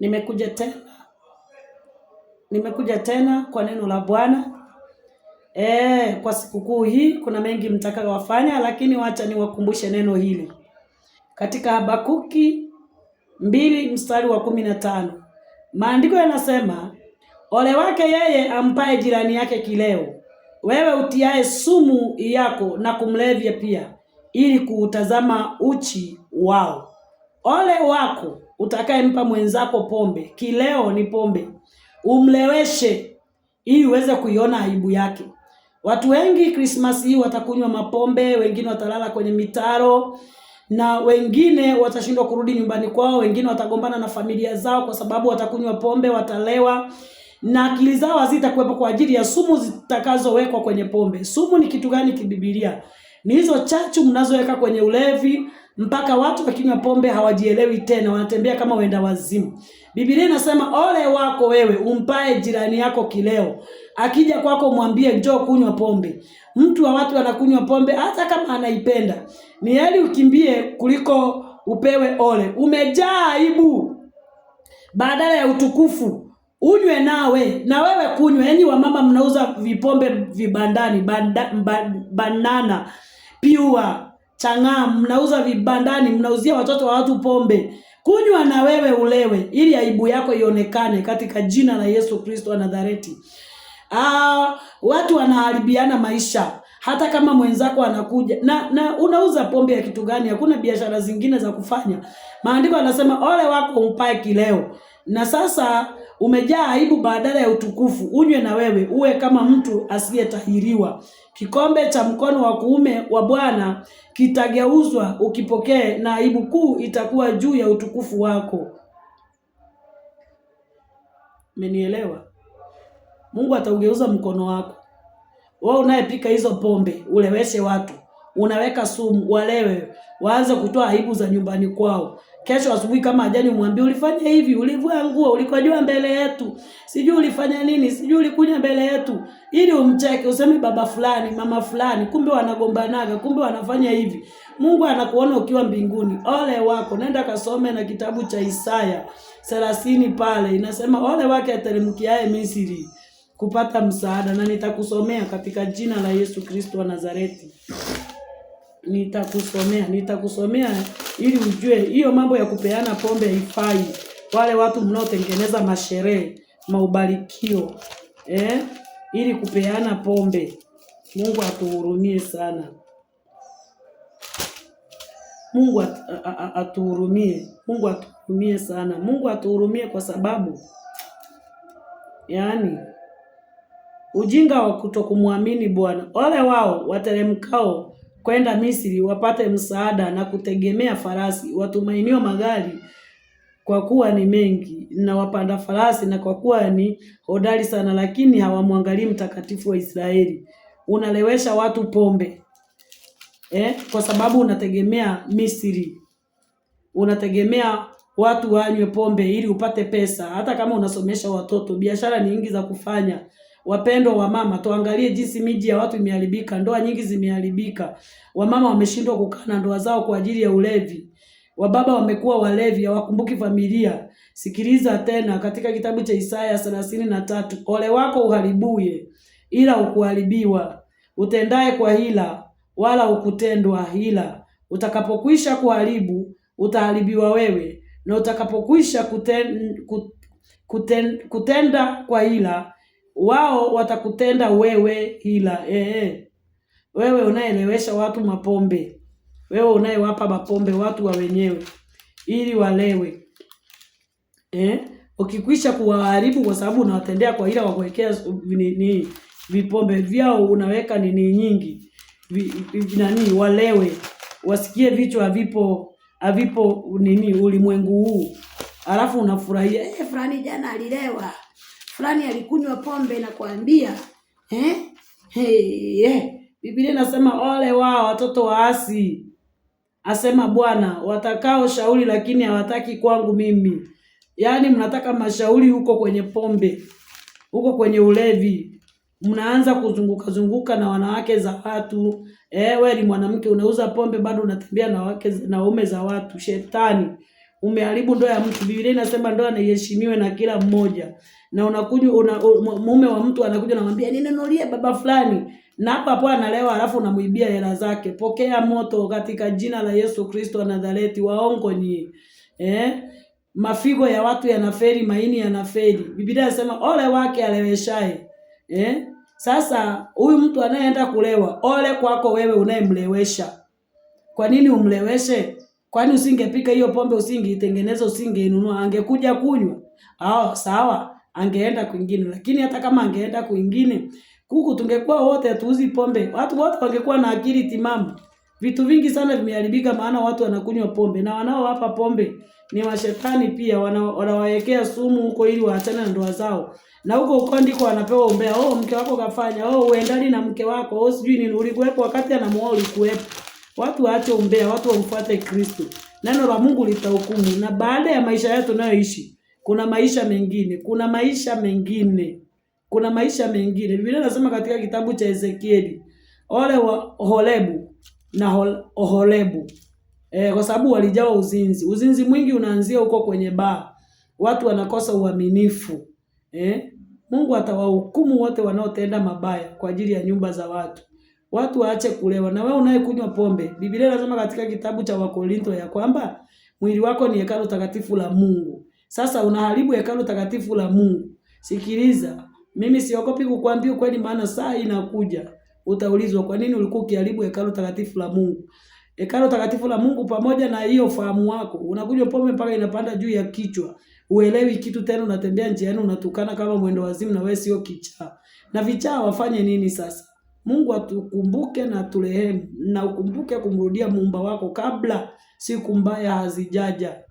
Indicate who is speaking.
Speaker 1: Nimekuja tena, nimekuja tena kwa neno la Bwana. E, kwa sikukuu hii kuna mengi mtaka wafanya, lakini wacha niwakumbushe neno hili katika Habakuki mbili mstari wa kumi na tano maandiko yanasema, ole wake yeye ampaye jirani yake kileo, wewe utiaye sumu yako na kumlevya pia, ili kuutazama uchi wao. Ole wako utakayempa mwenzako pombe, kileo ni pombe, umleweshe ili uweze kuiona aibu yake. Watu wengi Krismasi hii watakunywa mapombe, wengine watalala kwenye mitaro na wengine watashindwa kurudi nyumbani kwao, wengine watagombana na familia zao kwa sababu watakunywa pombe, watalewa na akili zao hazitakuwepo kwa ajili ya sumu zitakazowekwa kwenye pombe. Sumu ni kitu gani kibibilia? Ni hizo chachu mnazoweka kwenye ulevi mpaka watu wakinywa pombe hawajielewi tena, wanatembea kama wenda wazimu. Biblia inasema ole wako wewe umpae jirani yako kileo, akija kwako mwambie njoo kunywa pombe. Mtu wa watu anakunywa pombe hata kama anaipenda, ni heri ukimbie kuliko upewe ole. Umejaa aibu badala ya utukufu unywe nawe na wewe yani Enyi mama mnauza vipombe vibandani, banda, banana piwa chang'aa, mnauza vibandani, mnauzia watoto wa watu pombe, kunywa na wewe ulewe, ili aibu yako ionekane katika jina la Yesu Kristo wa Nazareti. Ah, watu wanaharibiana maisha hata kama mwenzako anakuja na na unauza pombe ya kitu gani? Hakuna biashara zingine za kufanya. Maandiko anasema ole wako umpae kileo na sasa umejaa aibu badala ya utukufu. Unywe na wewe uwe kama mtu asiyetahiriwa. Kikombe cha mkono wa kuume wa Bwana kitageuzwa ukipokee, na aibu kuu itakuwa juu ya utukufu wako. Umenielewa? Mungu ataugeuza mkono wako. Wewe unayepika hizo pombe, uleweshe watu, unaweka sumu, walewe, waanze kutoa aibu za nyumbani kwao. Kesho asubuhi kama ajani, umwambie ulifanya hivi, ulivua nguo, ulikojua mbele yetu, sijui ulifanya nini, sijui ulikunya mbele yetu, ili umcheke, useme baba fulani, mama fulani, kumbe wanagombanaga, kumbe wanafanya hivi. Mungu anakuona ukiwa mbinguni. Ole wako, nenda kasome na kitabu cha Isaya thelathini pale inasema, ole wake ateremkiaye Misri kupata msaada, na nitakusomea katika jina la Yesu Kristo wa Nazareti nitakusomea nitakusomea ili ujue hiyo mambo ya kupeana pombe haifai. Wale watu mnaotengeneza masherehe maubarikio eh, ili kupeana pombe, Mungu atuhurumie sana. Mungu atuhurumie, Mungu atuhurumie sana, Mungu atuhurumie kwa sababu yaani ujinga wa kutokumwamini Bwana, wale wao wateremkao kwenda Misri wapate msaada na kutegemea farasi, watumainio magari kwa kuwa ni mengi na wapanda farasi, na kwa kuwa ni hodari sana, lakini hawamwangalii mtakatifu wa Israeli. Unalewesha watu pombe eh, kwa sababu unategemea Misri, unategemea watu wanywe pombe ili upate pesa. Hata kama unasomesha watoto, biashara ni nyingi za kufanya. Wapendwa wa mama, tuangalie jinsi miji ya watu imeharibika, ndoa nyingi zimeharibika. Wamama wameshindwa kukaa na ndoa zao kwa ajili ya ulevi. Wababa wamekuwa walevi, hawakumbuki familia. Sikiliza tena, katika kitabu cha Isaya thelathini na tatu ole wako uharibuye, ila ukuharibiwa, utendaye kwa hila, wala ukutendwa hila. Utakapokwisha kuharibu, utaharibiwa wewe, na utakapokwisha kuten, kut, kuten, kutenda kwa hila wao watakutenda wewe hila. Ehe, eh. wewe unaelewesha watu mapombe, wewe unayewapa mapombe watu wa wenyewe ili walewe. Eh, ukikwisha kuwaharibu kwa sababu unawatendea kwa ila wakuwekea nini vipombe vyao, unaweka nini nyingi vi, nani walewe, wasikie vichwa havipo havipo nini ulimwengu huu, alafu unafurahia eh, fulani jana alilewa fulani alikunywa pombe na kuambia eh? Hey, yeah. Biblia inasema ole wao watoto waasi, asema Bwana, watakao shauri lakini hawataki kwangu mimi. Yaani mnataka mashauri huko kwenye pombe, huko kwenye ulevi, mnaanza kuzunguka zunguka na wanawake za watu. Eh, wewe ni mwanamke unauza pombe bado unatembea na wake na ume za watu, shetani umeharibu ndoa ya mtu. Biblia inasema ndoa naiheshimiwe na kila mmoja, na unakuja una, mume wa mtu anakuja namwambia ninunulie baba fulani, na hapa hapo analewa, alafu unamuibia hela zake. Pokea moto katika jina la Yesu Kristo wa Nazareti. Waongo nyie, eh? Mafigo ya watu yanaferi, maini yanaferi. Biblia inasema ole wake aleweshaye, eh? Sasa huyu mtu anayeenda kulewa, ole kwako wewe unayemlewesha. Kwa nini umleweshe? Kwani usingepika hiyo pombe, usingeitengeneza, usingeinunua? Angekuja kunywa ah, sawa, angeenda kwingine. Lakini hata kama angeenda kwingine, kuku tungekuwa wote hatuuzi pombe, watu wote wangekuwa na akili timamu. Vitu vingi sana vimeharibika, maana watu wanakunywa pombe na wanaowapa pombe ni mashetani pia, wanawawekea sumu huko ili waachane na ndoa zao, na huko huko ndiko wanapewa umbea. Oh, mke wako kafanya, oh uendani na mke wako, oh sijui nini, ulikuwepo wakati anamuoa, ulikuwepo Watu waache umbea, watu wamfuate Kristo. Neno la Mungu litahukumu. Na baada ya maisha yetu tunayoishi, kuna maisha mengine, kuna maisha mengine, kuna maisha mengine. Biblia inasema katika kitabu cha Ezekieli, ole wa Horebu na Oholebu e, eh, kwa sababu walijawa uzinzi. Uzinzi mwingi unaanzia huko kwenye baa, watu wanakosa uaminifu e? Mungu atawahukumu wote wanaotenda mabaya kwa ajili ya nyumba za watu watu waache kulewa. Na wewe unayekunywa pombe, Biblia inasema katika kitabu cha Wakorintho ya kwamba mwili wako ni hekalu takatifu la Mungu. Sasa unaharibu hekalu takatifu la Mungu. Sikiliza, mimi siogopi kukuambia kweli, maana saa inakuja utaulizwa kwa nini ulikuwa ukiharibu hekalu takatifu la Mungu. Hekalu takatifu la Mungu pamoja na hiyo fahamu wako. Unakunywa pombe mpaka inapanda juu ya kichwa. Uelewi kitu tena, unatembea njiani unatukana kama mwendo wazimu, na wewe sio kichaa. Na vichaa wafanye nini sasa? Mungu atukumbuke na turehemu, na ukumbuke kumrudia muumba wako kabla siku mbaya hazijaja.